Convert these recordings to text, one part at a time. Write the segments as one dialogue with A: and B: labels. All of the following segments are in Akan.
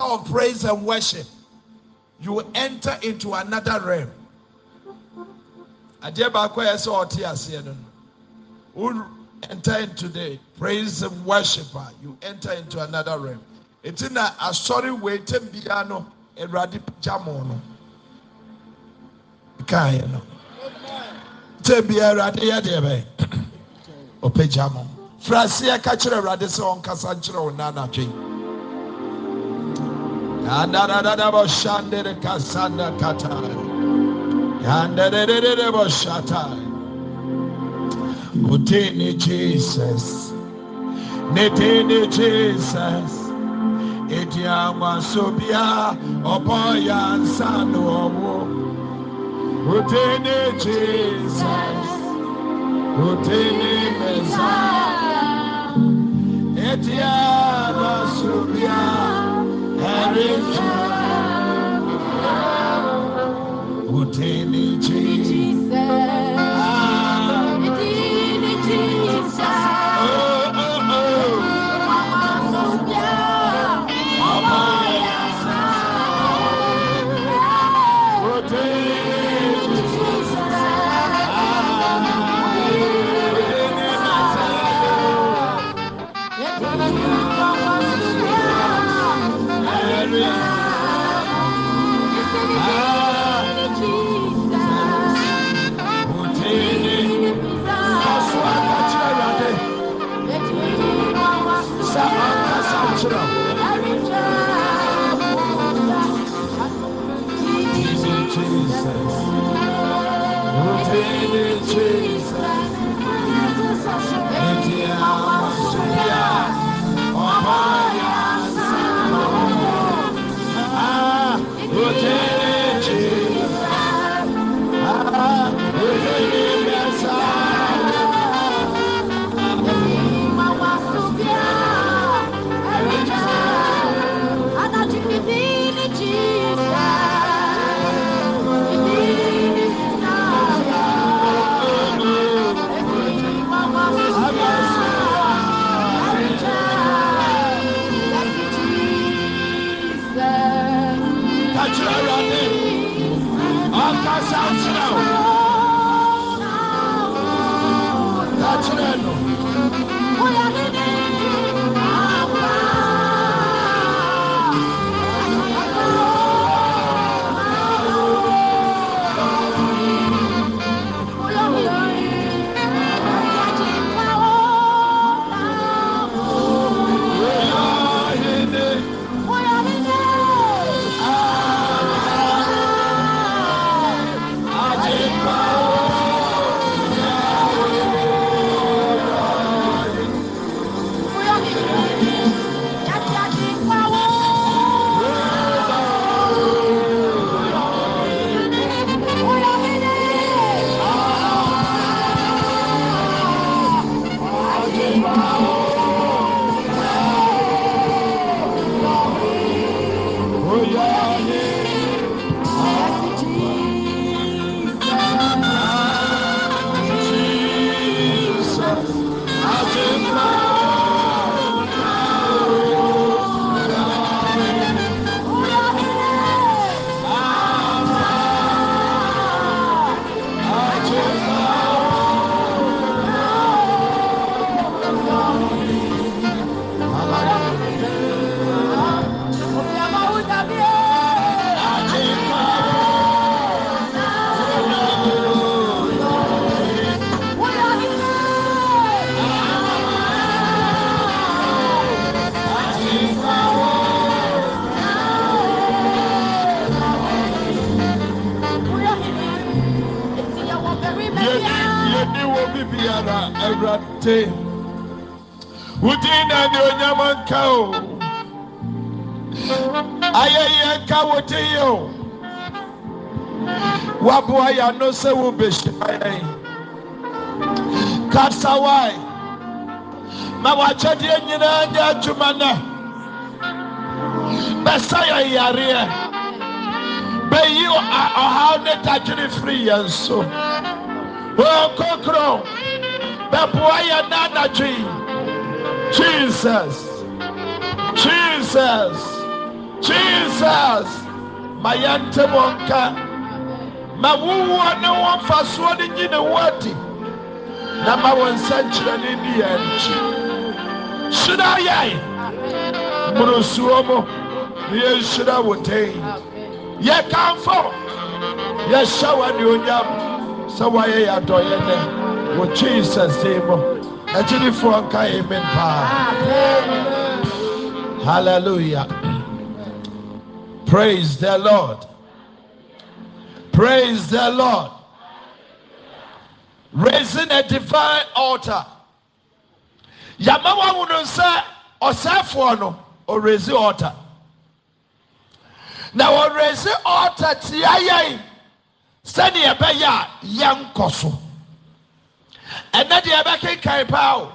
A: of praise and worship, you enter into another realm. Adeɛ baako a ɛsɛ who enter into the praise and worshiper, ah, you enter into another realm. Eti na asɔre weetem biara no, Awurade pagya mo no. Kaayɛ no. Tem biara Awurade Ope deɛ bɛyɛ. Ɔpagya mo. Furaseɛ ka kyerɛ Awurade sɛ ɔnkasa Yandarada boşandere kasanda katar. Yandarada boşatar. Utini Jesus. Netini Jesus. Eti ama sobia opo ya nsanu owo. Utini Jesus. Utini Messiah. Eti ama sobia. Uteni Jesus. woaboa yɛ no sɛ wu besyiaɛn kasawae ma wakyɛdeɛ nyinaa da adwuma na bɛsɛ yɛnyareɛ beyiw a ɔhaw ne dadwene firi yɛn so ɔnkokron bɛboa yɛ naanadwei yesus yisus yisus ma yɛnte wɔnka ma wowoɔ ne wɔn mfasoɔ no nyi ne wo adi na ma wɔn nsɛnkyerɛnne ni yɛn nkyi hyira yɛn mmorosuo mu na yɛnhyira wo den yɛkamfo yɛhyɛ wo anuonyam sɛ woayɛ yɛ adɔyɛ nɛ wɔ jesus din mu akyirifoɔ nka amen paa hallelujah praise the lord Praise the Lord. Raising a divine altar. Yama wawuno nsa or no the altar. Na ɔrezi raise the altar sɛdeɛ ɛbɛyɛ abaya yam koso. so. Ɛnɛ deɛ kai paa o.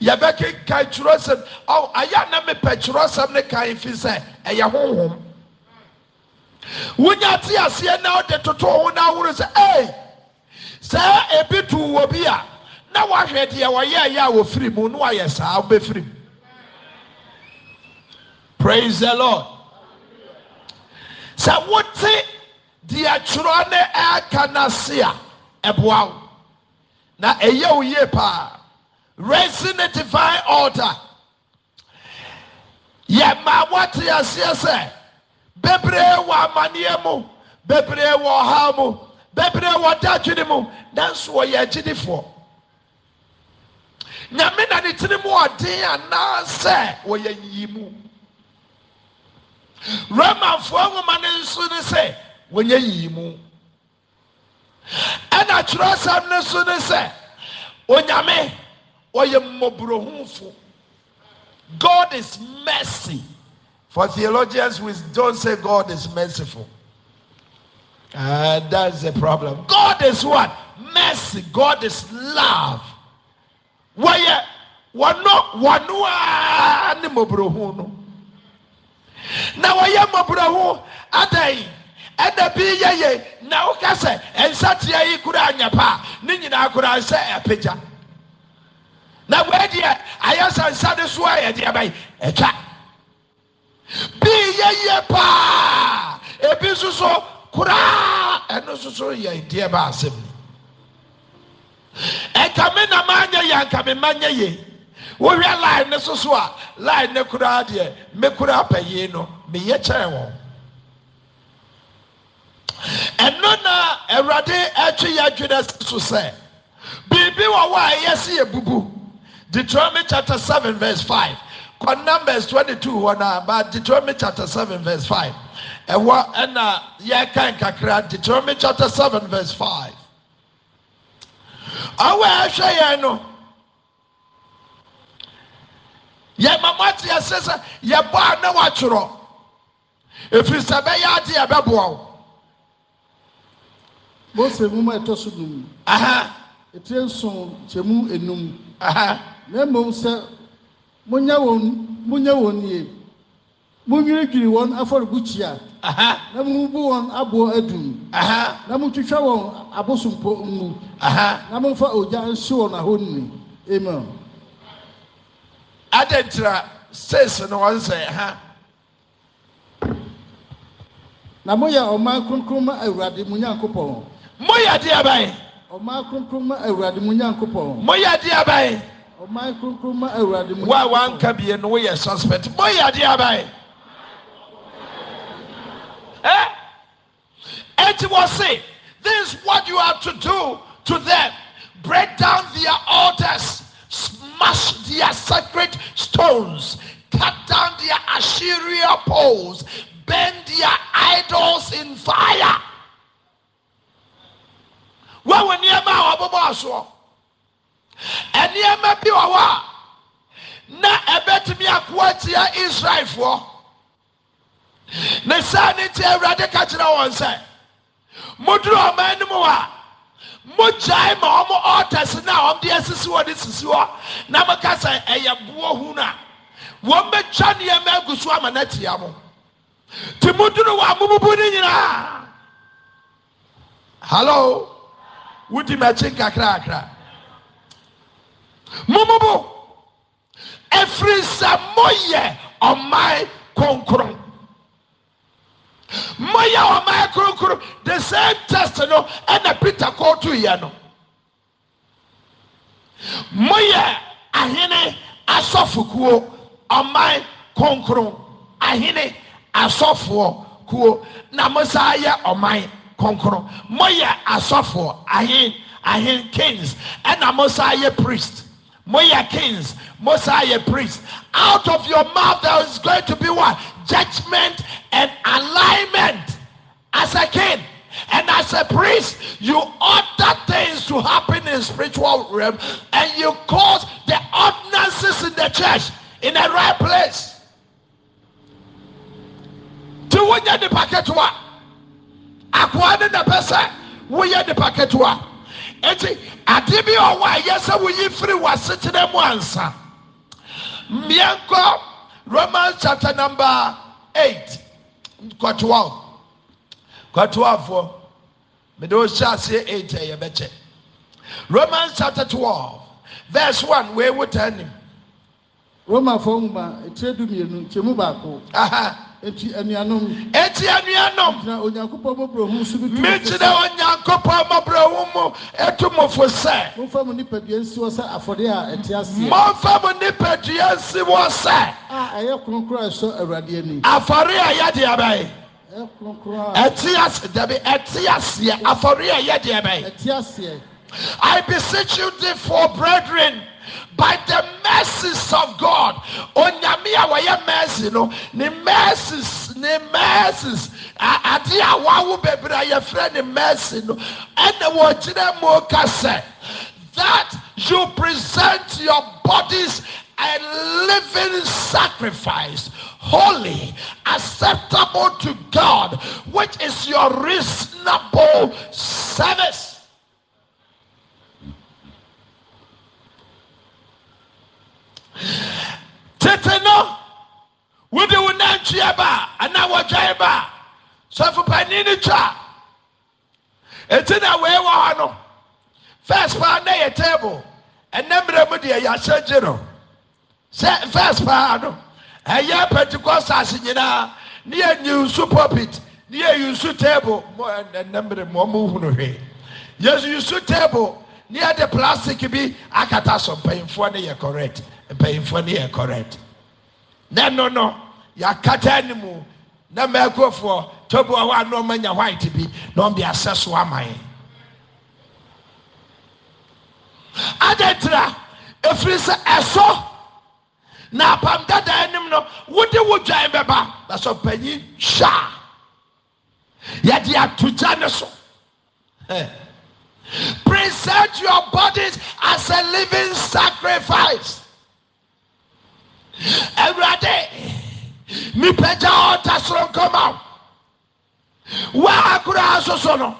A: Yɛbɛkenkan twerɛsɛm. Ɔ ayɛ me mepɛ twerɛsɛm ne kai fise. sɛ ɛyɛ wonya teaseɛ na wode toto ho no aworo sɛ ei sɛ ebi too wɔ bi a na woahwɛ deɛ wɔyɛeyɛ a wɔfiri mu na wayɛ saa wobɛfirim prais the lord sɛ wote deɛ kyorɔ ne arkanase a ɛboa wo na ɛyɛ wo yee paa resi ne divine older yɛ maa moateaseɛ sɛ bebree wɔ amanneɛ mu bebree wɔ ɔhaw mu bebree wɔ dadwene mu nanso wɔyɛ agyidifoɔ nyame na ne tiri mu ɔden anaasɛ wɔyɛ nyiyimu romanfoɔ nwoma no nso ne sɛ wɔnyɛ nyiyimu ɛna twerɛsɛm no nso ne sɛ onyame ɔyɛ mmɔborɔhunfo god is mercy For theologians who don't say God is merciful. And uh, that's the problem. God is what? Mercy. God is love. Why? Uh, ah, na wɔyɛ uh, mmɔborɔho adan ɛna bi yɛ yɛ na woka sɛ nsateɛ yi kura anya pa a ne nyinaa kura sɛ ɛpagya eh, na wɔadi a ayɛ sɛ nsa de soa yɛ deɛ bɛyɛ ɛtwa bi yɛyɛ paa ebi nso so koraa ɛno nso so yɛ deɛ ba asɛm ɛkame na manyɛ yɛ ankame manyɛ yɛ wohwɛ line ne soso a line ne koraa deɛ me koraa pɛyie no meyɛ kyɛn wɔn ɛno na awurade ɛtwe yɛ adwene so sɛ biribi wɔ hɔ a ɛyɛ si yɛ bubu deuteronomy chapter seven verse five kɔnam numbers twenty two hɔ na ba Deuteronomy chapter seven verse five ɛwɔ ɛna yɛkan kakra Deuteronomy chapter seven verse five ɔwɔ ɛhwɛ yɛn no yɛn mama te yɛ sɛ yɛ bɔ a na wɔatwerɛ
B: efiri sɛ bɛyɛ adi yɛ bɛ bɔ o. mose nwoma ɛtɔ so num. ɛtire nson kyɛmu enum. na mmom sɛ. munya wɔn munya wɔn yie munyini dwiri wɔn afɔrebukyia na mu bu wɔn aboɔ adum na mu twitwa wɔn abosompo ngu na mu fa ogya nsi wɔn ahoni amen.
A: adantira
B: seesi na wɔn sɛ ha. na moyɛ ɔman kronkron ma awurade mu nyankopɔn. moyɛ adeɛ aban. ɔman kronkron ma awurade mu nyankopɔn. ya di aban. wo a wanka bie no woyɛ suspect moyɛ adeɛ abae
A: eh? ɛnti wɔ say, this is what you have to do to them break down their altars smash their sacred stones cut down their assyria poles burn their idols in fire wɔn wɔ nneɛma a wɔbɛbɔ asoɔ nneɛma bi wɔ hɔ a na ɛbɛtumi akoa tia israelfoɔ ne saa ne nti awurade ka kyerɛ wɔn sɛ moduru ɔman no mu a mogyae ma ɔmo ɔɔtɛse no a ɔmde asisi hɔ de sisi hɔ na moka sɛ ɛyɛ boɔ hu no a wɔn bɛtwa nneɛma agu so ama no atia mo nti moduru wɔ a no nyinaa hallo wodi m'akyi nkakrakra every ɛfiri on my ɔman kronkron on my kronkron the same test no a peter kɔɔto yɛ no ahine ahene on my kronkron Ahine asɔfoɔ kuo na mosaa on my kronkron moyɛ asofu ahen ahen kings and a yɛ priest Moya kings Mosiah saa priest out of your mouth there is going to be what judgment and alignment as a king and as a priest you order things to happen in spiritual realm and you cause the ordinances in the church in the right place ti wonyɛ nipa ketewa akoa the person, we get the nipa one. eti ade bi ɔwɔ a ɛyɛ woyi firi w'asetena mu ansa mmea nkɔ romans chapter number eight nkɔ twelve nkɔ twelvefoɔ mede ohyɛ aseɛ eight ɛyɛ bɛkyɛ romans chapter twelve verse one wee wo taa
B: nim. romafoɔ nwoma etire du mmienu nkyɛn mu baako. eti anuanom. eti anuanom. na onyankopɔn mɔbrɔ ohun so bi tu mo fo sɛ. mɔbrɔ ohun mu etu mo fo sɛ. mɔfra mu nipadua nsi wɔ sɛ afɔde a ɛte aseɛ. mɔfra
A: mu nipadua nsi wɔ sɛ.
B: a ɛyɛ kronkron a ɛsɔ awurade ani. afɔre a yɛ deɛ bɛyɛ ɛte ase dabi ɛte aseɛ afɔre a yɛ
A: deɛ bɛyɛ. ɛte aseɛ. i beseech you therefore brethren. by the mercies of God. Onyame a mercy no, ne mercies, ne mercies, ade a wawo bebree a friend ne mercy no, and wɔgyina mu ka sɛ, that you present your bodies a living sacrifice, holy, acceptable to God, which is your reasonable service. tete no wode wo nantwea ba a anaa wɔdwae ba a sɛfopani no twaa ɛti na wei wɔ hɔ no first paa nɛ ɛyɛ table ɛnɛmmerɛ mu deɛ yɛasyɛgye no sɛ first paa no ɛyɛ pentecustes nyinaa ne yɛninsu popit ne yɛwusu table mɔnɛmmirɛmuɔmohunu hwɛi yɛwusu table ne yɛde plastic bi akata sɔmpanyimfoɔ no yɛ correct mpanyinfoɔ no yɛ correct na ɛno no yɛakata anim na mɛɛkofoɔ tobi wɔ hɔ a na ɔmanya white bi na ɔmde asɛ so aman adɛntira ɛfiri sɛ ɛsɔ na apam dada anim no wode wo dwan bɛba na sɛ panyin hwɛ a yɛde ato gya ne so present your bodies as a living sacrifice awurade mipagya ɔta soronkɔmawo wo aa koroa soso no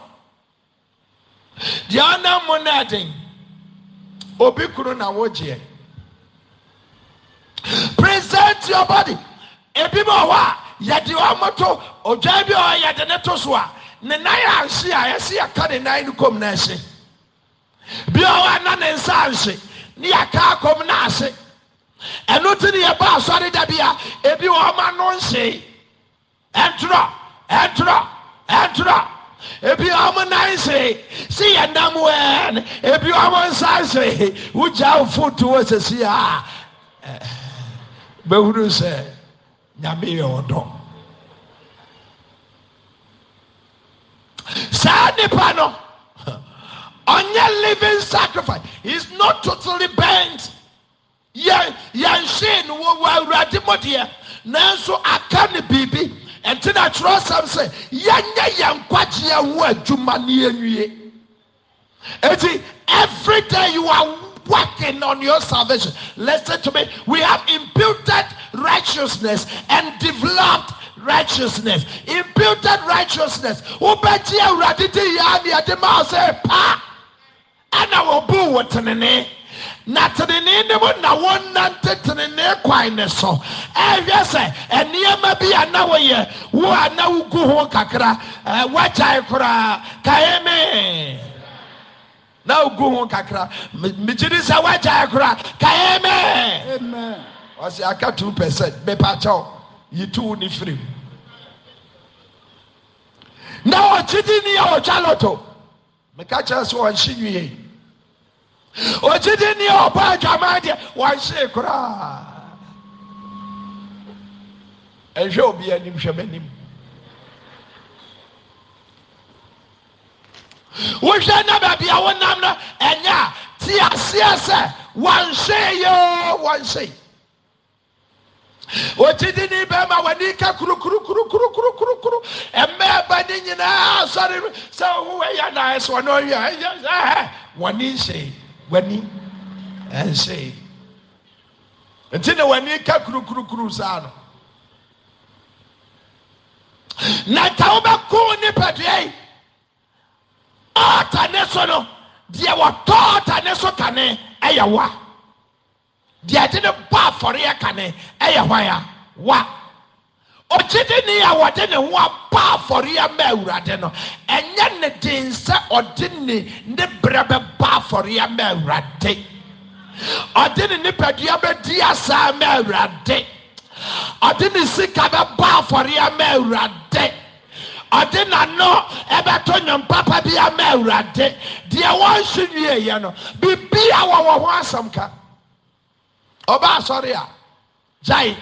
A: deɛ ɔnɛm mo ne ɛden obi kunu na wogyeɛ presɛnte ɔbɔde ebi mɔ wɔ hɔ a yɛde ɔ moto ɔdwae biaɔwɔ yɛde ne to so a ne nae anhe a ɛse yɛka ne nan no kɔm no ɛhe bia ɔ wɔa ɛna ne nsaanhe ne yɛkaa kɔm no ase ɛno nti ni yɛba asɔre da bi a ebi wɔ ɔma no nhyee ɛntorɔ ɛntorɔ ɛntorɔ ebi ɔmo nan se si yɛ nam wɛn ebi ɔmo nsa se wogya afoto wɔ sisi a bɛhuru sɛ nyame yɛ ɔdɔ saa nipa no ɔnyɛ living sacrifice he is not totally bent yɛnhyee no wɔwɔ awurade mu deɛ nanso aka ne biribi ɛnti na kyerɛsɛm sɛ yɛnyɛ yɛn nkwagyeɛ ho adwuma ne yɛnwie eti every day you are working on your salvation listen to me we have imputed righteousness and developed righteousness imputed righteousness wo awurade de yɛ ya ne yɛde ma wo sɛ pa ɛna wɔbu wo tenene na tenenee ne mu na wɔnnante tenenee kwan ne so ɛhwɛ sɛ nneɛma bi a na wɔyɛ wo a na wogu ho kakra ɛɛ wɔakyae koraa kae me na wogu ho kakra megyiri sɛ wɔakyae koraa kae me ɔsɛ aka two percent mepakyɛw yi tu ne firim na ɔkyidi ni a ɔtwa lɔtɔ meka kyerɛ sɛ ɔnhye nwie otyidinni ɔbaa dwaman deɛ wɔnsee koraa nhwɛ obia nim hwɛmanim wohwɛ na maabia wo nam no ɛnyɛ teaseɛ sɛ wɔnsee yo wɔnsei otyidinni bɛima wɔneika korokrkrkru ɔmɛɛba ne nyinaa asɔrem sɛ ɔhowɔyɛ naɛsɛ ɔne ɔhɛ hɛɛɛ wɔne see w'ani ɛnhyɛe nti na w'ani ka kurukurukuru saa no na ta wobɛko ne pɛdua yi ɔɔta ne so no deɛ wɔtɔ ɔɔta ne so kane ɛyɛ wa deɛ ɛde ne bɔ afɔre yɛ kane ɛyɛ hwan wa. ɔgyede ne yɛ wɔde ne ho aba afɔre ama awurade no ɛnyɛ ne den sɛ ɔde ne ne berɛ bɛba afɔre ama awurade ɔde ne nipadua bɛdi asa ama awurade ɔde ne sika bɛba afɔre ama awurade ɔde n'ano ɛbɛto nyompapa bi ama awurade deɛ wɔnso nwieɛ no biribi a wɔwɔ ho asɛm ka ɔba asɔre a gyae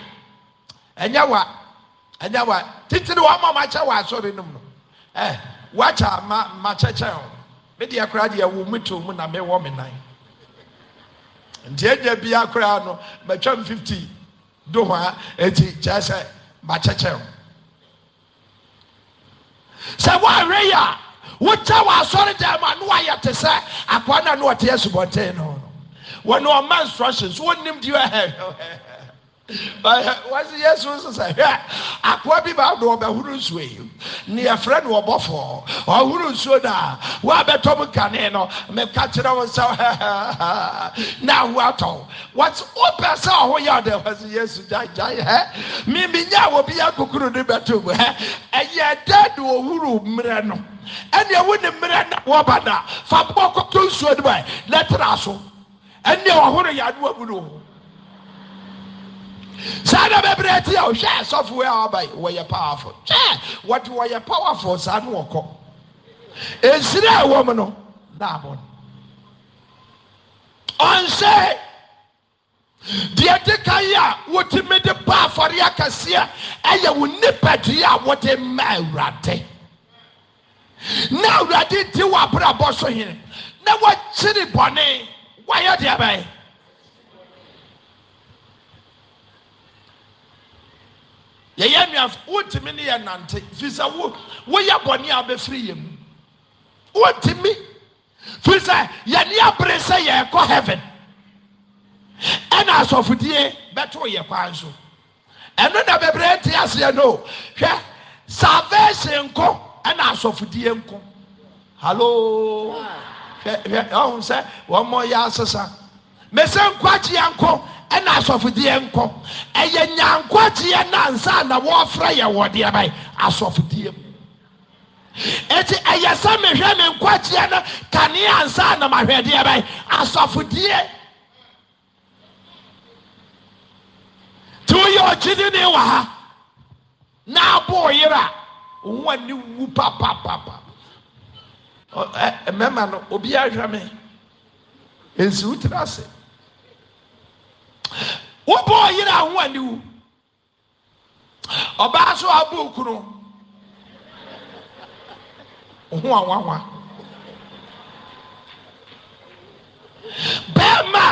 A: ɛnyɛ wa ɛnyɛ woa titiri woma makyɛ wɔ asɔre nom no woakyɛ m makyɛkyɛn ho mɛdeɛ koraa deɛwo meto mu na mɛwɔ me nan nti anya bia koraa no matwam 50 do hɔ a ɛti kyɛɛ sɛ makyɛkyɛn ho sɛ woawere yɛ a wogya w' asɔre dan ma a ne waayɛ te sɛ akwa no a no wɔteɛ subɔtee noh wɔne ɔma nsrɔhyen so wonimdi wh wasi yesu nso sɛ hwɛ akoa bi baa do ɔbɛhuru nsuo yi ne yɛfrɛ no ɔbɔfo ɔhuru nsuo no a woabɛtɔ m kane no meka kyerɛ wo sɛ na aho atɔ wɔs wopɛ sɛ ɔho yɛ ɔdɛ wɔsi yesu gyagyae hɛ miminya a wɔbi akokuru ne bɛto mu hɛ ɛyɛ dɛ de ɔhuru mmerɛ no ɛneɛ wo ne mmerɛ na wɔba no a fa bɔ kɔtɔ nsuo no ma ɛtrɛ so ɛneɛ ɔhoro yɛ adewa mu no ho saa na bebree ti a ohwɛ asɔfo a ɔba yi wɔyɛ powerful hwɛ wɔde wɔyɛ powerful saa no wɔkɔ nsiri a ɛwɔ mu no naabo no ɔnsɛ deɛ de ka yi a wotumi de ba afɔre akɛseɛ ɛyɛ wo nipadua a wɔde mma awurade na awurade di wɔ abrabɔ so hene na wɔkyiri bɔne wɔyɛ deɛ bɛyɛ. yɛyɛ nnuafo wotumi ne yɛ nante fisa wo woyɛ bɔne a wobɛfiri yɛ mu wotumi firi sɛ yɛne abere sɛ yɛrekɔ heaven ɛna asɔfodie bɛtoo yɛ kwan so ɛno na bebree ti aseɛ no hwɛ salvation nko ɛna asɔfodie nko hallo hwɛ hwɛ ɔho sɛ wɔn mo yɛ asesa mese nkwagyeɛ nko ɛna asɔfodeɛ nkɔ ɛyɛ nyankɔgyeɛ no ansa ana wɔfra yɛwɔ deɛ bae asɔfodeɛ mu nti ɛyɛ sɛ mehwɛ me nkagyeɛ no kane ansa anamahwɛdeɛ bae asɔfodeɛ nti woyɛ ɔkyene ne wɔ ha na abɔɔ yerɛ a wowa ne wu papap mɛma no obiaa hwɛ me ɛnsi wo tira ase wobɔ ɔyere aho ani wu ɔbaa so abɔ okunu ho awanwa bɛrima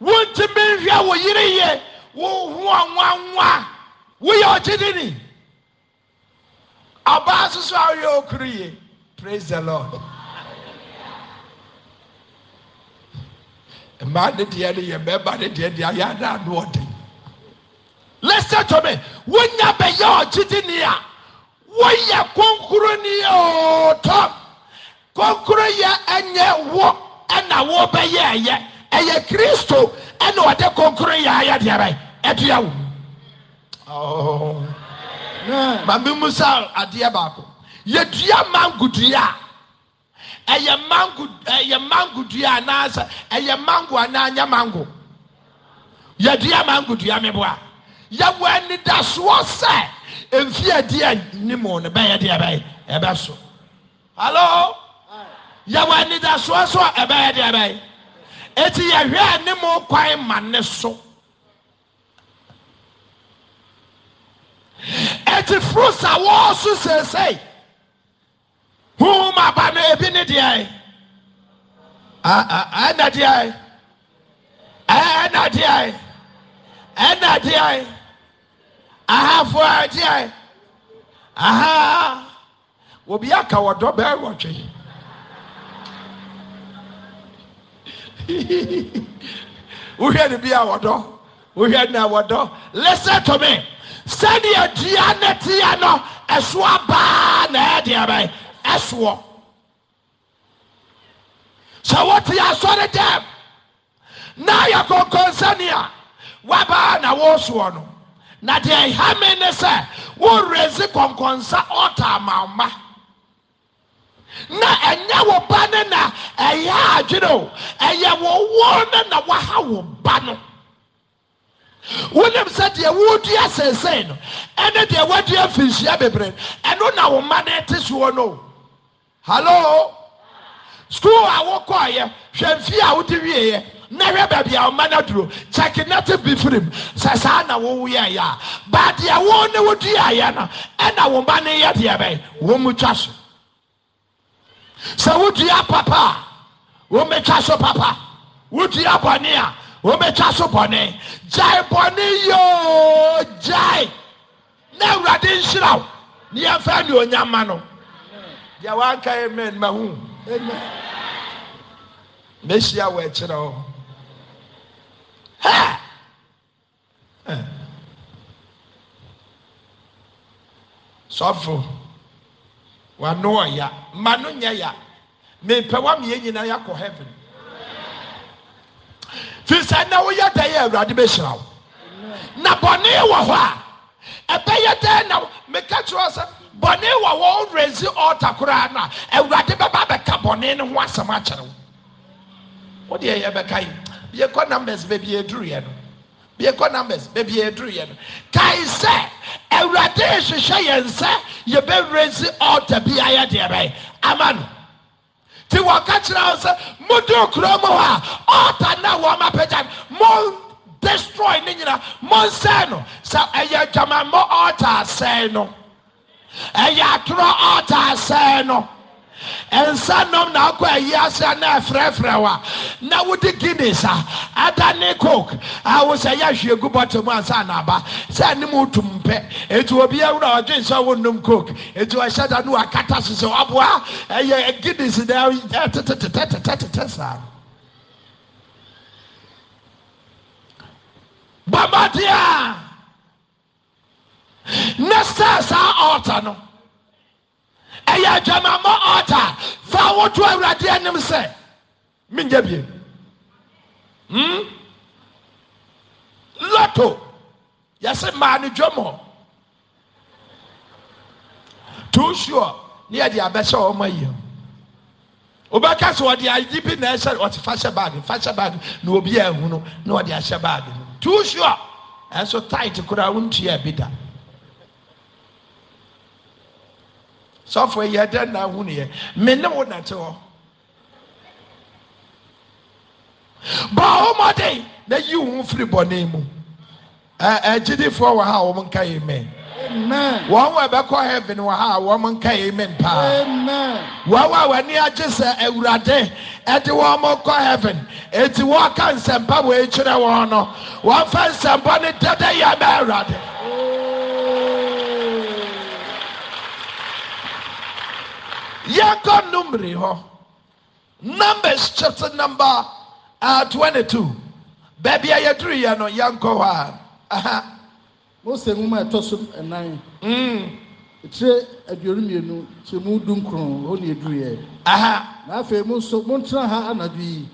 A: wontumi nhwɛ wo yere yɛ wo ho awanwa woyɛ ɔgyedini ɔbaa so so awoyɛ okunu yɛ praise the lord. maddeɛ n yɛbaddedeɛɛda de le sɛ tome wonya bɛyɛ ɔkyidi ne a woyɛ konkronio tɔ konkro yɛ ɛnyɛ wɔ ɛna wobɛyɛ ɛyɛ ɛyɛ kristo ɛne ɔde konkro yɛayɛdeɛra dua womamimu oh. sa adeɛ baako yɛdua mankodua a ɛyɛ mango ɛyɛ mango dua anaasɛ ɛyɛ mango anaa nyɛ mango yɛdua mango dua mi boa yɛwɔ anidasoɔ sɛ mfi adiɛ nim no bɛyɛ deɛ bɛyɛ ɛbɛ so hallo yɛwɔ anidasoɔ so ɛbɛyɛ deɛ bɛyɛ eti yɛhwɛ anim kwan ma ne so. ɛti fruits a wɔɔso seesei hohoma aba no ebi ne deaɛɛna dea ɛna dea ɛna dea ahafoa dea ha wɔbiaka wɔdɔ bɛɛwɔtwe wohɛ ne bia wɔdɔ ɛna wɔdɔ le sɛtome sɛdeɛ dua ne tea nɔ ɛsoa baa na ɛdea ba ɛsoɔ sɛ wote yɛ asɔre dɛm na yɛ kɔnkɔnsɛne a woabaa na wɔresoɔ no na deɛ ɛhame ne sɛ woresi kɔnkɔnsa ɔta amamma na ɛnyɛ wo ba no na ɛyɛ adwene o ɛyɛ wo wo na waha wo ba no wonim sɛ deɛ wodua seesei no ɛne deɛ woadua mfirinhyia bebree no ɛno na wo ma no te soɔ no o hallo skuul a wokɔɔyɛ hwɛ mfie a wode wieeɛ na ɛhwɛ baabi a wo mma no duro kyɛke nati bi firim sɛ saa na wowo yɛ yɛ a ba deɛ wo ne wodua yɛ no ɛna wo mma ne yɛ deɛ bɛ wom twa so sɛ wodua papa a womɛtwa so papa wodua bɔne a womɛtwa so bɔne gyae bɔne yoo gyae na awurade nhyira w ne yɛmfa neɛ ɔnya mma no wanka mɛnmaho mɛhyia wɔ kyerɛ sɔfo woanoɔya ma no yɛya mempɛ waameyɛ nyinaa yakɔ heaven firi sɛ nɛ woyɛ daeɛ awurade bɛhyira wo na bɔne wɔ hɔ a ɛbɛyɛdɛɛ naw meka kyerɛ sɛ bɔne wɔ wɔn rezi ɔta koraa na awurade bɛba bɛka bɔne no ho asɛm akyerɛ wo wodeɛ yɛbɛka yi bie kɔ numbers baabi yɛduruyɛ no bie kɔ numbers baabi yɛduruyɛ no kae sɛ awurade ehyehyɛ yɛn sɛ yɛbɛrezi ɔta bi ayɛ deɛ bɛyɛ ama no ti wɔka kyerɛ sɛ modu kuro mu hɔ a ɔta na wɔn apagya no mo destroy ne nyinaa mo nsɛn no sɛ ɛyɛ adwamammɔ ɔta asɛn no ɛyɛ atoro ɔta asɛe no nsa nom na akɔ ayi asɛ na ɛfrɛfrɛ wa na wodi guinness a ada ne coke a wo sɛ yɛ ahwie gu bɔtɔ mu ansa n'aba sɛ anim tum pɛ etu obi awura ɔdwe nsa wo num coke etu ɔhyɛ da no wakata soso ɔboa ɛyɛ guinness na ɛtetetetetetete saa. bɔbɔdeɛ a. nɛ sɛ saa ɔlta no ɛyɛ adwama mmɔ ɔɔtaa faa woto awurade nom sɛ meya biem hmm? loto yɛse maa no dwamɔɔ too suɔ ne yɛde abɛhyɛ ɔma yi hɔ wobɛka sɛ ɔde aye bi naɛhyɛ ɔte fa hyɛ baado m fa hyɛ baado na ɔbi a ɛhuno ne ɔde ahyɛ baado no too suɔ ɛnso tit koraa wontua bida sɔfo yɛ dɛ na ahu ne yɛ me ne wo nate hɔ bɔ ahomɔden na yi wo ho firi bɔne mu ɛ agyidifoɔ wɔ ha a wɔn nka amen wɔn wɔ ɛbɛkɔ heaven wɔ ha a wɔn nka amen paa wɔn wɔ a wɔani agye sɛ awurade ɛde wɔn kɔ heaven eti wɔn ka nsɛmpa wɔ ekyirɛ wɔn no wɔn fɛ nsɛmpa ne dɛdɛ yɛ ɛbɛ awurade. yɛnkɔ numere hɔ numbers chapter number uh, 22 Beebi a yɛduruyɛ no yɛnkɔ
B: hɔ a mose nwoma ɛtɔ so ɛnan ɛkyerɛ mm. aduonu mmienu kyerɛ mu du nkron hɔ ne ɛduruyɛ na afei mu nso montena ha anadwo yi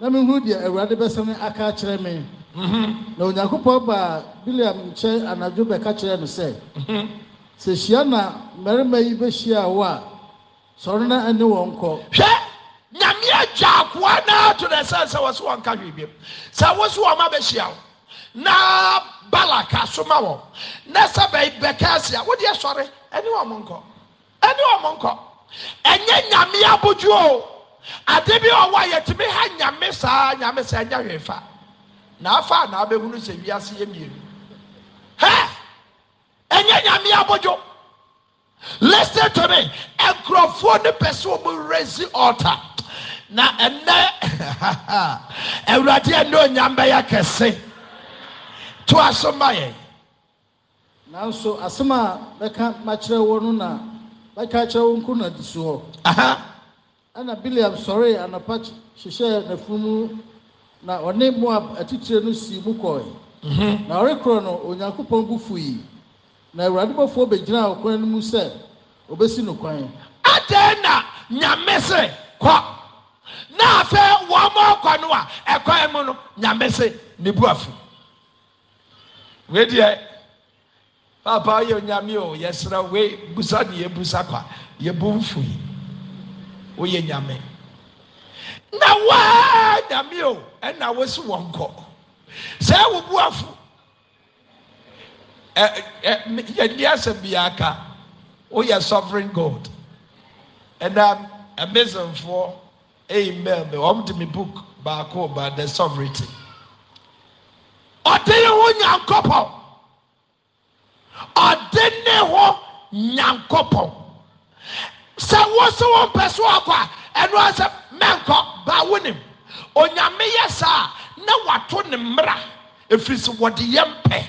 B: na mehunu deɛ awurade bɛsane aka akyerɛ me mm-hmm. na onyankopɔn Ba biliam nkyɛn anadwo bɛka kyerɛ no sɛ mm-hmm. sɛ hyia na mmarima yi bɛhyia wo a sɔre no ɛne wɔ kɔhwɛ
A: nyame ɛ gyaakoa naa to dɛ sɛn sɛ wo so wɔ nka hwe bim sɛ wo so wɔmmabɛhyia wo na balak asoma wɔ na sɛ bɛkɛ ɛsea wodeɛ sɔre ɛne wɔmɔ nkɔ ɛne wɔmɔ nkɔ ɛnyɛ nnyameɛ abodwo o ada bi wɔwɔ a yɛtumi ha nnyame saa nyame sɛa ɛnyɛ hweefa naafaa naa bɛhunu sɛbiase yɛmiemu hɛ ɛnyɛ nyamea abodwo listen to me nkurɔfoɔ ne pɛ sɛ wɔn resi altar na ɛnɛ awurade ɛnɛ onyam bɛyɛ kɛse to aso ma yɛ.
B: nanso asɛm a bɛka makyerɛ wɔ no na bɛka kyerɛ wɔn ko na diso hɔ ɛna biliam sɔre anapa hyehyɛ n'afunu na ɔne moab atitire no si mu kɔɛ mhm. na ɔrekorɔ no onyankopɔn bu yi. na awurade bɔfoɔ bɛgyina ɔkwan no mu sɛ ɔbɛsi no kwan. adɛn na nyame se kɔ
A: na afɛ wɔn ɔkɔ no a ɛkwan mu no nyame se ne bu afu wedeɛ papa yɛ nyame o yɛsrɛ we busa ne busa kwa yɛbu mfui woyɛ nyame na waa nyame o ɛna wosi wɔn kɔ sɛ bu afu. Eh, eh, yɛni asɛm bi aka woyɛ sovereign god ɛnam um, amazonfoɔ eh, amen wɔn de mi book baako ba the sovereignty ɔde ne ho nyankopɔ ɔde ne ho nyankopɔ sɛ wɔsɛ wɔn pɛ so akɔ a ɛno asɛ mɛnkɔ baawo nim onyame yɛ saa na wato ne mmra efiri so wɔde yɛn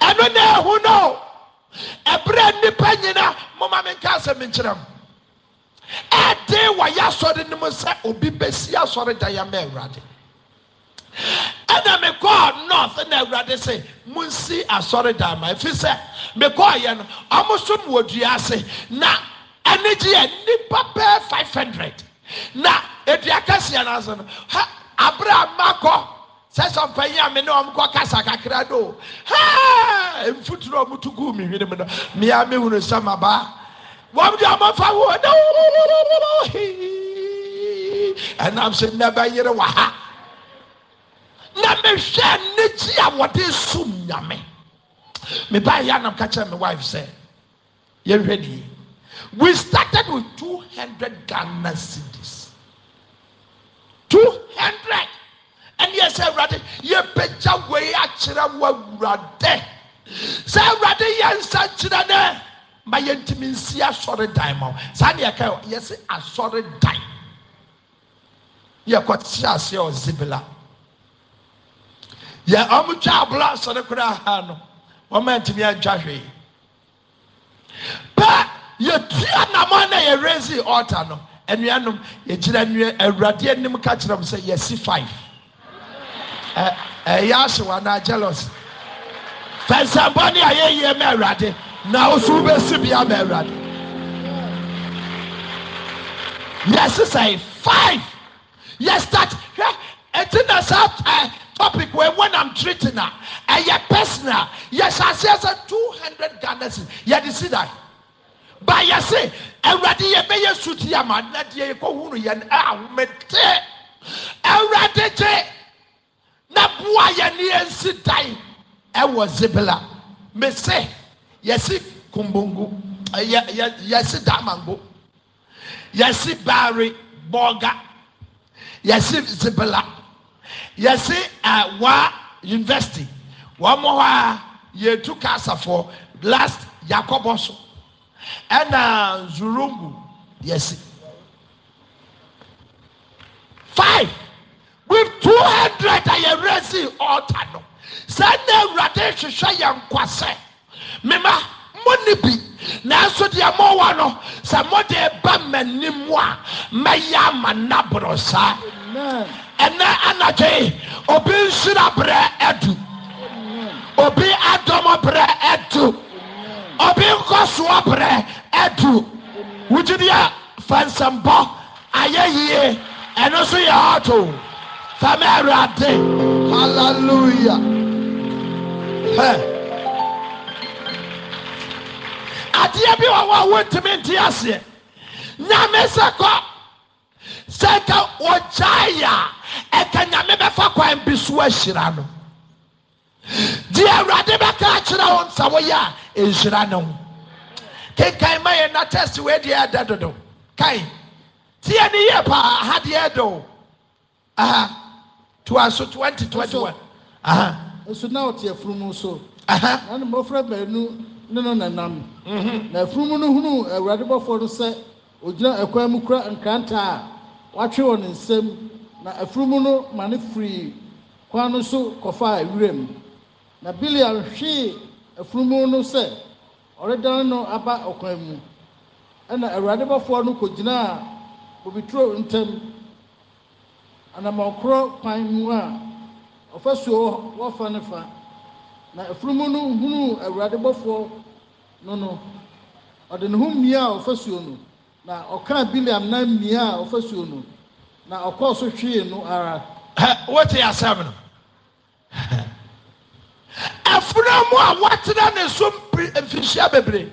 A: ɛno na ehu no ɛberɛ nnipa nyina moma menka sɛ menkyerɛ m ɛden wɔyɛ asɔre no sɛ obi bɛsi asɔre da yɛ ma awurade ɛna north na awurade se monsi asɔre da ma ɛfiri sɛ mekɔɔyɛ no ɔmosom wɔ dua ase na ɛne gye yɛ nnipa bɛɛ 500 na ɛdua kɛseɛ no ase no ha a makɔ sɛ sɛ mpanyin a me ne wɔn kɔ kasa kakra do hɛɛ mfuturo a wɔtu gu mi hwene mu no mmea mi hunu sɛm aba wɔn de wɔn fa wo ne wo hii ɛnam sɛ ne bɛ yere wɔ ha na mehwɛ ne gye a wɔde sum nyame me ba yɛ anam ka kyerɛ me wife sɛ yɛhwɛ ni we started with two hundred ghana cedis two hundred. ɛne ɛsɛ awurade yɛbɛgya wei akyerɛ wo awurade sɛ awurade yɛ nsa kyerɛ dɛ ma yɛntumi nsi asɔredan ma wo saa ne yɛka yɛse asɔredan yɛkɔte aseɛ ɔ zibila yɛ ɔmotwa abola asɔre koraa ha no wɔma ntumi antwa hwee pɛ yɛtua namɔ na yɛresi ɔta no anuanom yɛgyina awurade anim ka kyerɛ m sɛ yɛsi five ɛyɛ ahyewa na jealous fɛnsɛnbɔ ne a yɛyie mɛ awurade na woso wobɛsi bia mɛ awurade yɛse sɛ five yɛstart hwɛ ɛti na saa ɛ topic wɔ ɛwɔ I'm treating a ɛyɛ personal yɛhyɛ aseɛ sɛ two hundred ghana cedis yɛde si da ba yɛse awurade yɛbɛyɛ suti ama na deɛ yɛkɔhunu yɛn a ahomete awurade gye. ɛboa yɛne ɛnsi dae ɛwɔ zebla me sɛ yɛsi kombongu yɛsi damango yɛsi baare bɔɔga yɛse zebela yɛse waa university wɔmmɔ hɔ a yɛtu castafoɔ last yakɔbɔ so ɛna nzurungu yɛ si 5 with two hundred a yɛwerɛsi ɔɔta no saa na awurade hwehwɛ yɛn nkwasɛ mema mo ne bi nanso deɛ mowɔ no sɛ mode ba m'anim a mɛyɛ ama nnaborɔ saa ɛnɛ anadwe obi nsira berɛ adu obi adɔmɔ berɛ adu obi nkɔsoɔ berɛ adu wogyideɛ fɛnsɛmbɔ ayɛ yie ɛno nso yɛ ɔto fama awurade hallelujah Hey, adeɛ bi wɔ hɔ a wɔntumi nte aseɛ nyame sɛ kɔ sɛ nka wɔgyae a ɛka nyame bɛfa kwan bi so ahyira no deɛ awurade bɛka akyerɛ wo nsa woyɛ a ɛnhyira ne ho kenkan ma yɛ na test wei deɛ ɛda dodo kan
B: tiɛ ne yie paa ha deɛ ɛdo aha toa twenty twenty one. nso na ɔte afunumu so. na ne mmɔfra baanu ne no nenam. Mhm. na afunumu no hunu awurade bɔfoɔ no sɛ ogyina ɛkwan mu kura nkranta a watwe wɔ ne nsam na afunumu no ma ne firi kwan no so kɔfa ewuram na bilian hwee afunumu no sɛ ɔredan no aba ɔkwan mu ɛna awurade bɔfoɔ no kɔgyina obituro ntɛm. anammɔkorɔ kwan mu a ɔfasuo wɔfa ne fa na afunumu no hunuu awurade bɔfoɔ no no ɔde ne ho mmia a ɔfasuo no na ɔkaa biliam na mmia a ɔfasuo no na ɔkɔɔ so hwee no ara. wɔte asɛm no afunumu a wɔatena ne so mfihyia
A: bebree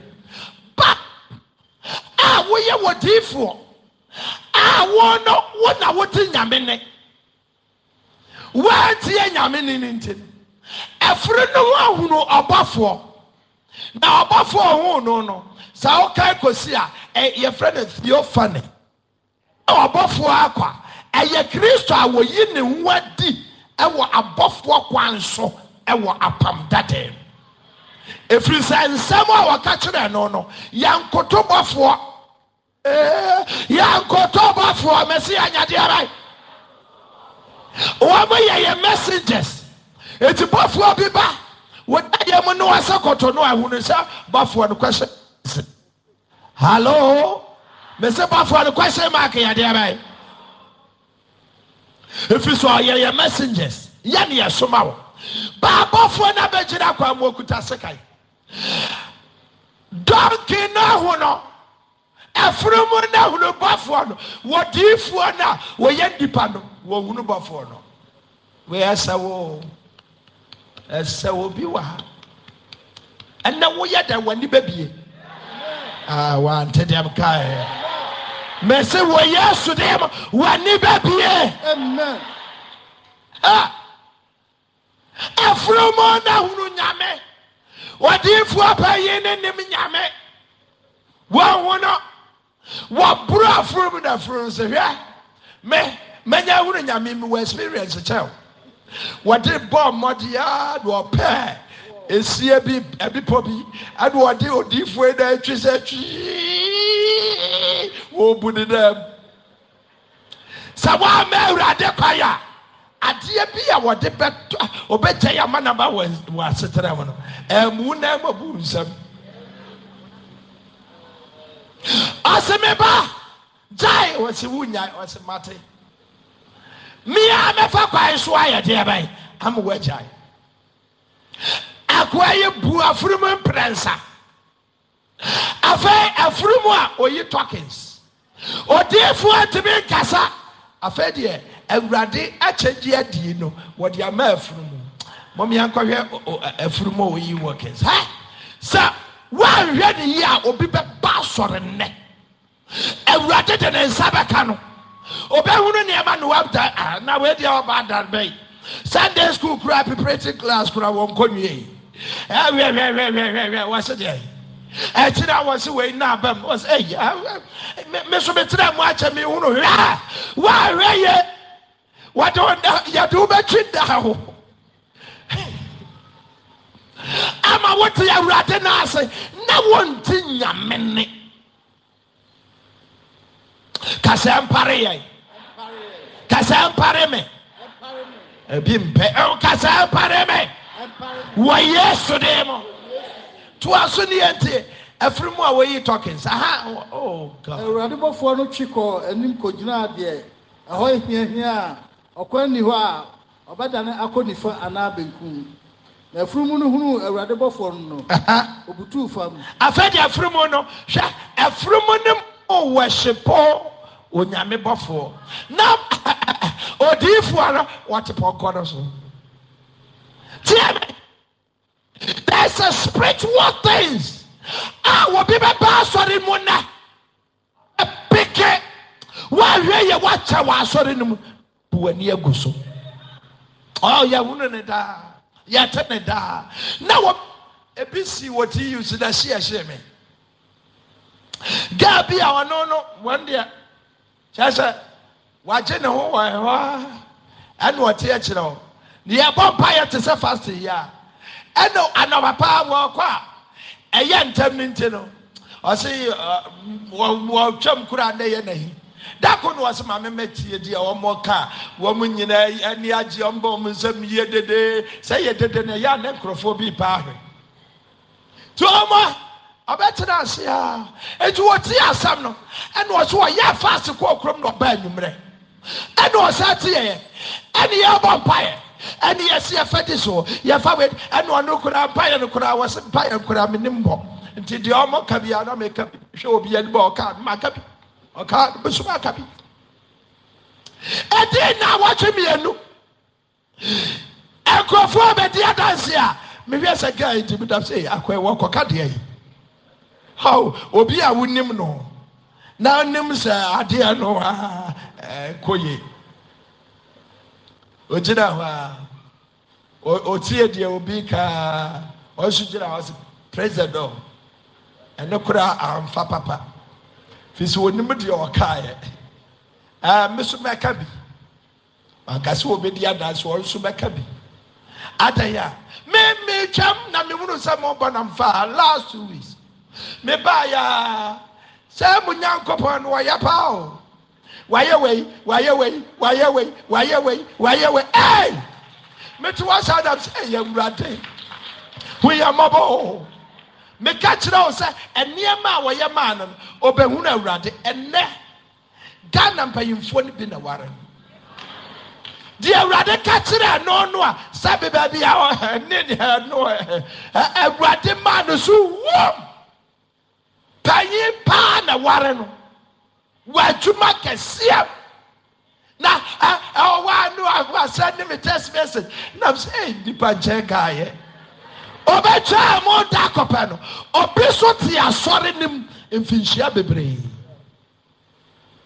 A: ba a wɔyɛ wɔ diifoɔ a wɔn no wɔn na wɔte nyame ne. wɔatie nyame ne no nti no ɛforo no ho ahunu ɔbɔfoɔ na ɔbɔfoɔ ho no no saa wokae kɔsi a yɛfrɛ no theophany na ɔbɔfoɔ akɔ a ɛyɛ kristo a wɔyi ne ho adi ɛwɔ abɔfoɔ kwan so ɛwɔ apam dadae efiri ɛfiri sɛ nsɛm a wɔka kyerɛ no no yɛnkotobɔfoɔ yɛnkotobɔfoɔ mɛsi anyadeɛ rai wɔn yɛ yɛ messengers eti bɔfoɔ bi ba wɔda yɛ mu ne wɔsɛ kɔtɔ no ahunu sɛ bɔfoɔ no kɔhyɛ ɛsɛ hallo mɛsɛ bɔfoɔ no kɔhyɛ maaki yadeɛ bɛyɛ efi so ɔyɛ yɛ messengers yɛ ne yɛ soma wɔ baabɔfoɔ no abɛgyina kwan mu okuta sekan dɔnki n'ahu no ɛfunumu na hunubɔfoɔ no wɔdiifoɔ na wɔyɛ nipa no wɔ hunubɔfoɔ no wɔyɛ ɛsɛwo ɛsɛwo bi wɔ ha ɛnna wɔyɛ dɛ wɔn nipa bie aa ah, wɔante dɛm kaayɛ mɛsi wɔyɛ asodɛm wɔn nipa bie ha ah. ɛfunumu na hunu nyame wɔdiifoɔ pɛyin ne nim nyame wɔn ho wɔboro aforo mu na aforo nso hwɛ mɛ mɛnyɛ ahoro nyame mu wɔ experience kyɛw wɔde bɔɔl mmɔdeɛ na ɔpɛɛ esie bi ebipɔ bi ɛna ɔde odiifoɔ na atwi sɛ twiii wɔbu ne nam sɛ wɔama awurade kwaya adeɛ bi a wɔde bɛtɔ ɔbɛgya yɛ wɔ asetena mu no ɛmu na ɛmɛ nsɛm. ɔseme ba gyae wɔsi wo nya ɔsi mate meaa mɛfa kwae soayɛdeɛ bɛ amawɔagyae akoa yɛ bu afurum mprɛ nsa afɛi afurumu a ɔyi tockins ɔdeifoɔ ntimi nkasa afɛi deɛ awurade akyɛgye adii no wɔde ama afurumu mɔmia nkɔhwɛ afurumu a ɔyi wokins h sɛ woanhwɛ ne yi a obi bɛba sɔre nnɛ awurade de ne nsa bɛka no obɛhunu nneɛma na wabda ah, na wadeɛ ɔba adan bɛyi sunday school kura preparatory class kura wɔn nkonnwa ɛwɛwɛwɛwɛwɛ wɔsi deɛ ɛkyerɛ wɔsi wɔ yi na abam wɔsi ɛyi ah, mi nso mi tira mu akyɛ mi hunu hwɛ wɔahwɛ yɛ wɔde wɔn da yɛde wɔn bɛtwi da ho ama wɔte awurade n'ase na wɔn ti nyame ne. ka mpare yɛ ka mpare me ebi mpɛ ka sɛ mpare me wɔ yesu de mu toa so ne yɛ ntie efiri mu a wɔyi tɔkins
B: aha oh, oh god. Eh, awurade bɔfoɔ no twi kɔ anim kɔ gyina adeɛ ɛhɔ ehiahia a ɔkwan ni hɔ a ɔbɛdane akɔ nifa anaa benkum na efurumu no hunu awurade bɔfoɔ no no obutu fam. afɛdi efurumu no hwɛ efurumu no mu wɔhyepɔ. onyame
A: bɔfoɔ na odiifoɔ no wɔte pɔnkɔ no so tiɛ mi there's a spiritual things a wɔbi bɛba asɔre mu na epike wɔahwɛ yɛ wɔakyɛ wa asɔre no mu bu w'ani agu so ɔyɛ yɛhunu ne daa yɛte ne daa na wɔ ebi si wɔ ti yi si na si ɛhyɛ mi gaa bi a ɔno no wɔn deɛ kyerɛsɛ wagye ne ho wɔ hɔ ɛna ɔte akyerɛ hɔ ne yɛbɔ mpa yɛ te sɛ fast yi a ɛna anɔba paa wɔkɔ a ɛyɛ ntɛm ne nti no ɔsi wɔtwam kura ne yɛ n'ahi dako na ɔsi maame mɛtie di a wɔn ka wɔn nyinaa ani agye wɔn bɔ wɔn nsam yie dede sɛ yɛ dede na yɛ a ne nkurɔfoɔ bi paa hwɛ tuoma ɔbɛtena ase a eti wɔti asɛm no ɛna ɔso ɔyɛ afaase kɔ kurom na ɔbaa enumerɛ ɛna ɔsa te yɛ ɛna yɛ ɔbɔ mpaeɛ ɛna yɛsi yɛfɛ di so yɛfa wɛ ɛna ɔno kura mpaeɛ no kura wɔsi mpaeɛ kura mi nim bɔ nti deɛ ɔmo ka bi anam eka bi hwɛ obi yɛ nipa ɔka ma ka bi ɔka bosom aka bi ɛdi na wɔtwe mienu nkurɔfoɔ bɛ di adansi a mehwɛ sɛ gaa edi mi da se akɔ ɛwɔ kɔka yi how obi a wonim no na nim sɛ adeɛ no a ɛkɔ yie ogyina hɔ a otie deɛ obi ka. ɔnso gyina hɔ sɛ president ɛno koraa amfa papa firi sɛ onim deɛ ɔkaeɛ ɛɛ me so mɛka bi ankasa obi di adansi ɔnso mɛka bi adan a mmemme twam na mmemme no sɛ mo bɔ na mfa last two weeks. mebayɛa sɛ mu nyankopɔn no ɔyɛ pao wayɛwiyɛiɛiɛiyɛi mete wosaa dam sɛ yɛ awurade ho yɛ mɔbɔɔo meka kyerɛ o sɛ ɛnnoɔma a wɔyɛ maa no no obɛhuno awurade ɛnnɛ gha nampa yimfɔ no bi ne ware no deɛ awurade ka kyerɛ ɛnono a sɛ bebaabia ɔneneɛno awurade ma no so wom panyin paa na ware no wadwuma kɛseɛ na ɛwɔ hɔ a no ahoa sɛ ne me text message na m sɛ ɛyɛ eh, nipa nkyɛn kaayɛ ɔbɛtwa a mo da akɔpɛ no obi so te asɔre ne mu mfinhyia bebree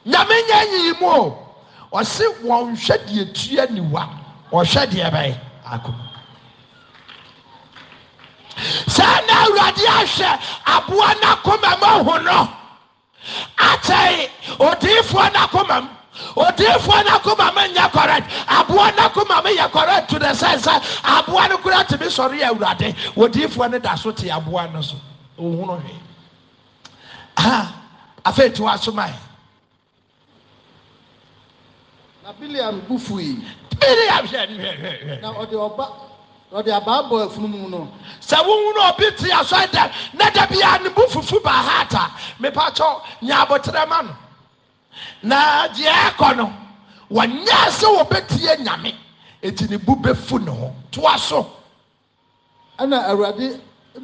A: nyame nyɛ nyiyi mu o ɔsi wɔn hwɛ deɛ tua niwa ɔhwɛ deɛ bɛyɛ akɔ saa na awurade ahwɛ aboa n'akoma mu ho no akyɛe odiifoɔ n'akoma mu odiifoɔ n'akoma mu nyɛ correct aboa n'akoma mu yɛ correct to the sense aboa no kura tumi sɔre yɛ awurade odiifoɔ no da so te aboa no so ohun hwɛ
B: aha afei tiwa asomae. na biliam bu fui. biliam hwɛ hwɛ hwɛ. na ɔde ɔba. wɔde abaa bɔ afunu mu no. sɛ na obi te asɔre dɛm na dabi a
A: ne bu fufu ba ha ata mepa kyɛw nya abotire ma no na deɛ
B: ɛkɔ no wɔnyɛ sɛ wɔbɛtie nyame eti ne bu bɛfu ne ho toa so. ɛna awurade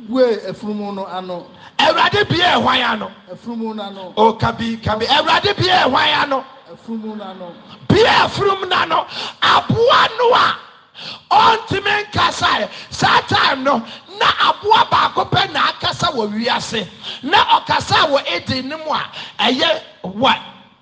B: bue efunumu no ano. awurade bue ɛhwan ano. efunumu no ano. o kabi kabi awurade bue ɛhwan ano. efunumu no ano.
A: bue efunumu no ano aboa ɔntumi nkasae saa time no na aboa baako pɛ na akasa wɔ wiase na ɔkasa wɔ eden no mu a ɛyɛ wɔ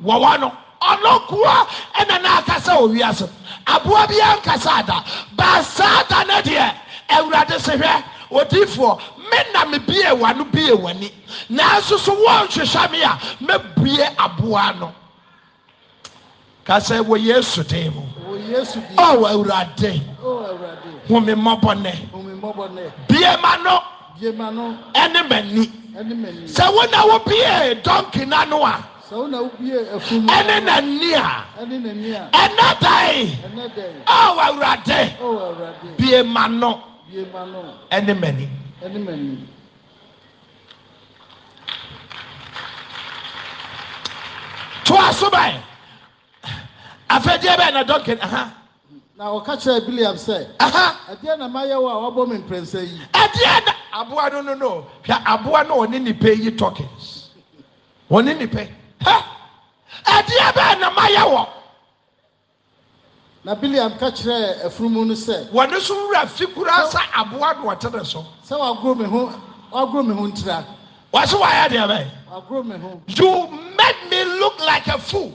A: wɔwɔ no ɔnokoa ɛna na akasa wɔ wiase aboa biaa nkasa da baa saa da no deɛ awurade se hwɛ odiyifoɔ mena mebie wa no bie w'ani nanso so wɔnhwehwɛ me a mɛbue aboa no ka sɛ wɔ yesu den mu
B: Oh,
A: awurade home oh, mmɔbɔnɛ
B: biema no ne mani sɛ
A: wo na wobie dɔnkina no aɛne nani a
B: ɛnɛ da oh, awurade
A: biema no
B: ne
A: mani toa so b afɛdeɛ na duncan aha.
B: na ɔka kyerɛ biliam sɛ. aha ɛdeɛ na mayɛ wa a wabɔ me mprɛnsa yi. ɛdeɛ na aboa no no no hwɛ aboa no ɔne
A: nipa yi tokens ɔne nipa hɛ ɛdeɛ bɛyɛ na
B: mayɛ wɔ. na biliam ka kyerɛ afunumu no sɛ. wɔne so wura fi sa aboa no ɔte ne so. sɛ wagoro me ho wagoro me ho ntira.
A: wɔsi wɔayɛ deɛ bɛyɛ.
B: wagoro me ho.
A: you made me look like a fool.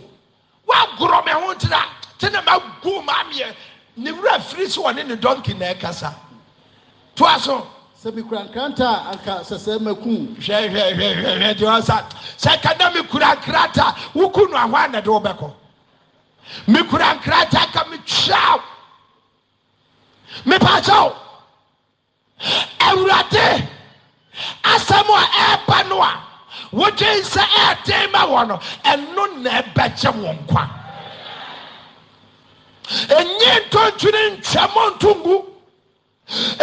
A: woagorɔ me ho ntenaa ti ne maguom ameɛ ne wurɛ firi so wɔ ne ne dɔmke naaɛkasa toa so sɛ mekura nkrantaa anka sɛ sɛmaku hwɛhwwɛdehɔsa sɛ kana mekurankrantaa woku noaho anade wobɛkɔ mekurankranta ka metwerɛw mepakɛw awurade asɛm a ɛɛba no a wogye nsa ɛɛden ma wɔ no ɛno na ɛbɛgye wɔn nkwa ɛnyɛ ntontwene ntwɛmɔ ntongu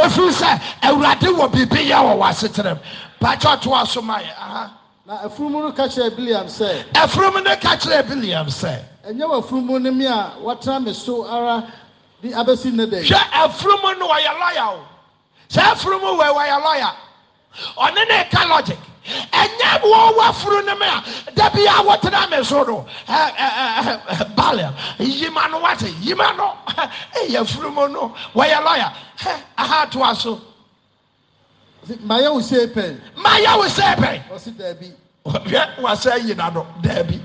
A: ɛfiri sɛ awurade wɔ biribi yɛ wɔ wɔ aseterɛm pakyɛ ɔto aso ma yɛ
B: na afunumu no ka kyerɛ biliam sɛ
A: afunumu no ka kyerɛ biliam sɛ
B: ɛnyɛ wɔ afunumu no mi a wɔtena me so ara de abɛsi ne dɛ hwɛ afunumu no wɔyɛ lɔya o sɛ afunumu wɔ wɔyɛ lɔya ɔne ne ka logic
A: ɛnyɛ wɔn wafuru ne me a dabi a wɔtena me so no ɛ
B: ɛ
A: ɛ baali yima no wate yima no ɛ yɛ furu mu no wɔyɛ lɔya
B: ɛ aha to aso. mayɛ wo se pɛn. mayɛ wo se pɛn. wɔsi dɛbi. hwɛ wasa yina no dɛbi.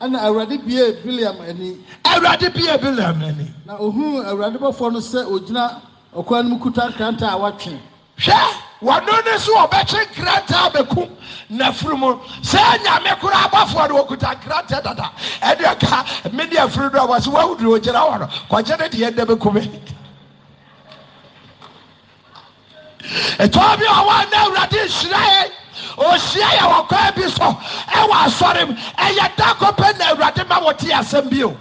B: ɛna awurade bie biliam ani. awurade bie biliam ani. na ohun awurade bɔfɔ no sɛ ogyina ɔkwan no kuta kranta a watwe.
A: hwɛ wɔno ne so wɔbɛkye nkranta bɛku na firi mu sɛ nyame koro abɔfoɔ no wɔkuta nkranta dada ɛne ɛka mene afiri no a wɔ sɛ woahuduro gyina wɔ no kɔgye ne deɛ nnɛ bɛku me ɛtɔ bi ɔwɔ na awurade nhyiraeɛ ohyia yɛ wɔ kwan bi so ɛwɔ asɔre mu ɛyɛ da kɔpɛ na awurade ma wɔte asɛm bio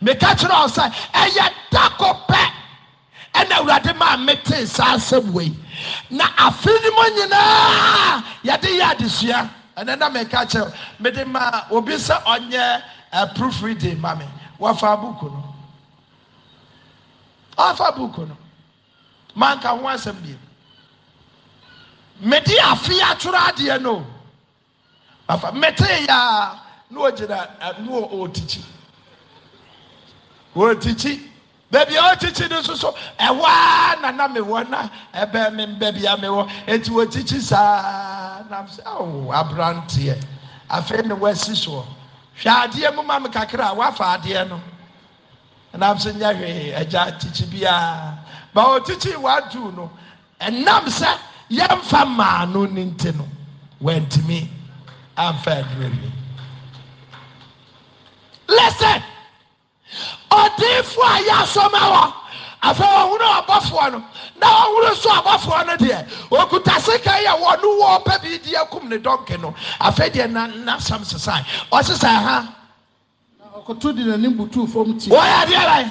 A: meka kyerɛ ɔ ɛyɛ da kɔpɛ ɛna awurade maa mi te saa asɛm wɔ yi na afe ne mu nyinaa yɛde yɛ adesua ɛnɛ na mɛka kyerɛ mɛde maa obi sɛ ɔnyɛ ɛ proof reading ma mi wafa buku no wafa buku no manka ho asɛm bie mɛde afe atwerɛ adeɛ no wafa No. yaa na ɔgyina ɛ no ɔtikyi ɔtikyi baabi a ɔkyekye no nso so ɛwɔ a nana mewɔ na ɛbɛn me baabi a mewɔ eti wɔkyekye saa nam sɛ awo aberanteɛ afei na wɔasi soɔ hwɛ adeɛ mu ma me kakra a wafa adeɛ no nam sɛ nya hwee agya kyekye biara ba ɔkyekye wadu no ɛnam sɛ yɛmfa maa no ne nti no wɔntumi amfa aduro ni listen. ɔdeifo a yɛ asɔma wɔ afɛi ɔhuno ɔbɔfoɔ no na ɔhuno so ɔbɔfoɔ no deɛ ɔkuta sekɛi yɛ wɔno wɔɔ pɛ bi di akum ne dɔnke no afei deɛ na nasɛm sesae ɔse sae hawɔyɛ adeɛra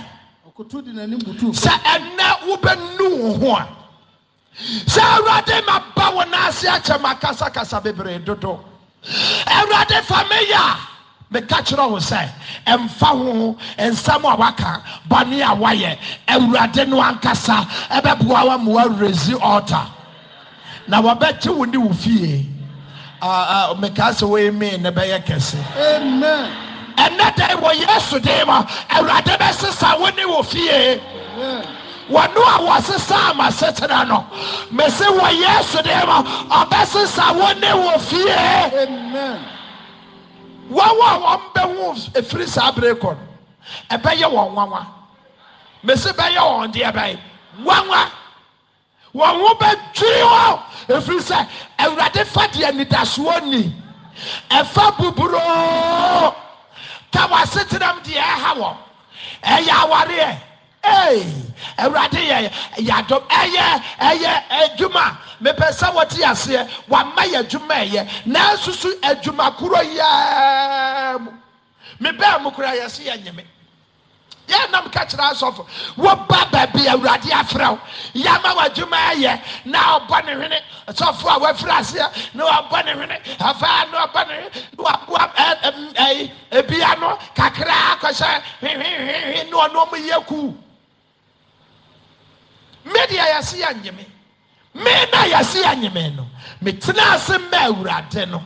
A: sɛ ɛnɛ wobɛnu wo ho a sɛ awurade maba wo naase akyɛma kasakasa bebree dodo awurade fameyia meka kyerɛ wo sɛ ɛmfa ho nsɛm a waka bɔne a wayɛ awurade no ankasa ɛbɛboa wa ma woawerɛsi altar na wɔbɛkye wo ne wo fie mekaa sɛ woyɛ mee ne bɛyɛ kɛse ɛnɛ dɛn wɔ yesu den ma awurade bɛsesa wo ne wo fie wɔno a wɔsesa ama setena no mese wɔ yesu den ma ɔbɛsesa wo ne wo fie Amen. Wawa a wɔbɛhu efiri saa abere kɔ no ɛbɛyɛ wɔn nwanwa mesi bɛyɛ wɔn deɛ bɛyɛ nwanwa wɔn ho bɛtwiri hɔ efiri sɛ awurade fa deɛ nidasoɔ ni ɛfa buburoo ta wɔ asetenam deɛ ɛha wɔn ɛyɛ awareɛ awurade yɛ yadɔm ɛyɛ ɛyɛ adwuma mepɛ sɛ wɔte aseɛ wama yɛ adwuma ɛyɛ nanso so adwuma koro yɛɛ mu mebɛɛ mu koraa yɛ se yɛ nyeme yɛnam ka kyerɛ asɔfo woba baabi awurade afrɛ wo yɛama w'adwuma ɛyɛ na ɔbɔ ne hwene sɔfo a wafiri aseɛ na wabɔ ne hwene afaa na ɔbɔ ne hwene na waboa ɛyi ebia no kakraa kɔhyɛ hwehwehwehwe na ɔno ɔmo yɛ kuu medea yɛse yɛ nyme mena yɛse yɛ nyeme no metena ase ma awurade no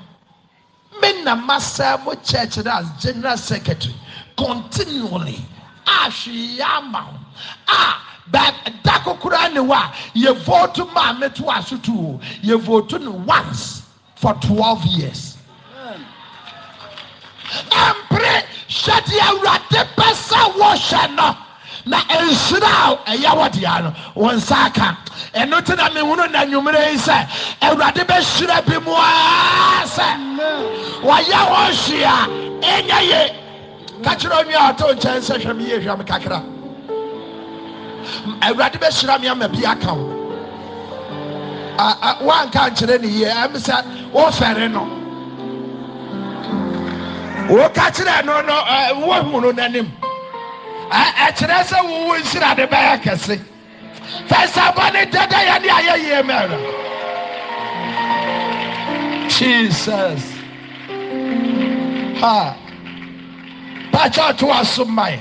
A: me namasrv cherchnɛa general secretary continually a hweeyɛ ama ho a bɛda kokora ne hɔ a yɛvotu maa metoɔ asoto o yɛvotu no once fo 12 years mpere hwɛdeɛ awurade bɛ sɛ wɔ hwɛ no na nsiro a ɛyɛ wɔ dea no wo nsa ka ɛno te na mewunu naanwummereyi sɛ awurade bɛsura bi moaa sɛ wɔyɛ wɔ hwee a ɛnyɛ ye ka kyerɛ onwi a ɔtoo nkyɛn sɛ hwɛ me yie hwɛ m kakra awurade bɛsura me ama biaka wo woanka nkyerɛ ne yie ɛm sɛ wo fɛre no woka kyerɛ no no wohunu naanim ɛkyerɛ sɛ wowo nhyira de bɛyɛ kɛse fɛsɛbɔ ne dada yɛ ne ayɛ yie mɛra
B: jesus ha pakyɛ ɔto aso mae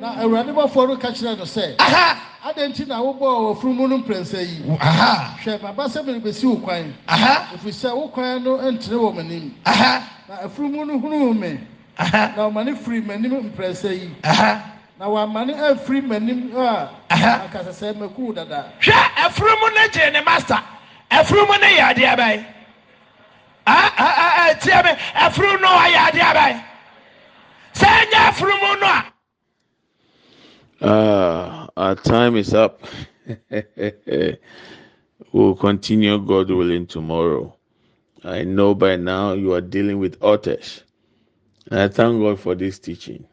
B: na awurade bɔfoɔ no ka kyerɛ no sɛ adɛn nti na wobɔɔ ɔfurumu no mprɛnsa yi hwɛ baba sɛ merebɛsi wo kwan ɛfiri sɛ wo kwan no ntene wɔ m'anim na afurumu no hunuu me na ɔmane firi m'anim mprɛsɛ yi na w'amane afiri m'anim hɔ a akasa sɛ mɛku dada. hwɛ ɛfuru mu ne gye ne master ɛfuru mu ne yɛ adeɛ bɛyɛ
A: ɛɛ ɛɛ tie mi ɛfuru no ɔyɛ adeɛ bɛyɛ sɛ ɛnyɛ ɛfuru mu no a.
C: Uh, our time is up. we'll continue, God willing, tomorrow. I know by now you are dealing with others. And I thank God for this teaching.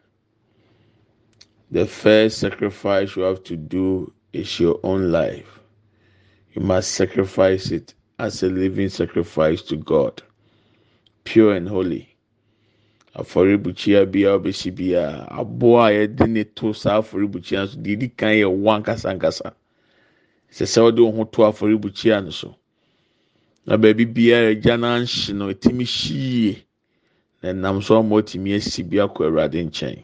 C: The first sacrifice you have to do is your own life. You must sacrifice it as a living sacrifice to God, pure and holy. afɔrebukyia biara ɔbɛsi biara aboa a yɛde ne to saa afɔrebukyia so didi edi kan yɛ wɔn ankasankasa sɛ sɛ ɔde wɔn ho to afɔrebukyia no so na baabi biara gya n'anhye no etimi hyie. nam so ɔmo tumi esi bi akɔ awurade nkyɛn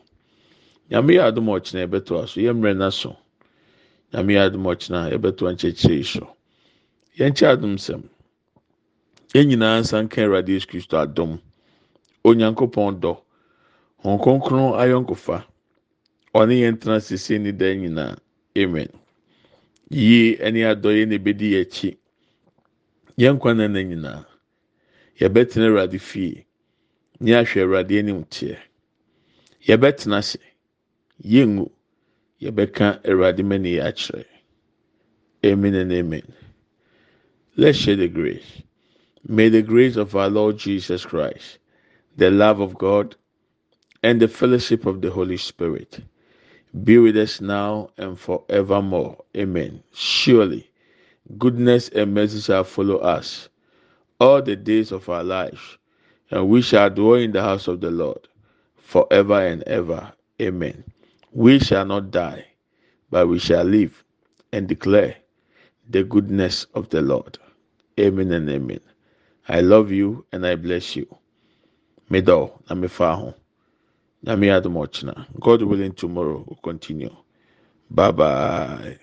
C: nyame yɛ adum ɔkyena ɛbɛto aso yɛ mmerɛ na so nyame yɛ adum ɔkyena ɛbɛto nkyɛkyerɛ yi so yɛn kyɛ adum sɛm yɛn nyinaa nsa nka awurade yesu kristo adum onyankopɔn dɔ wɔn kɔnkɔn ayɔnkofa ɔne yɛn tena sese ne dan nyinaa amen yie ɛne adɔyɛ na ebedi yɛn akyi yɛn kwan na nyinaa yɛbɛtena awurade fie. ne ahwɛ awurade anim teɛ yɛbɛtena ase yɛngu yɛbɛka awurade amen and amen let's share the grace may the grace of our lord jesus christ the love of god and the fellowship of the holy spirit be with us now and forevermore amen surely goodness and mercy shall follow us all the days of our life and we shall dwell in the house of the Lord forever and ever. Amen. We shall not die, but we shall live and declare the goodness of the Lord. Amen and amen. I love you and I bless you. Medo na mefaho. Na me God willing tomorrow will continue. Bye bye.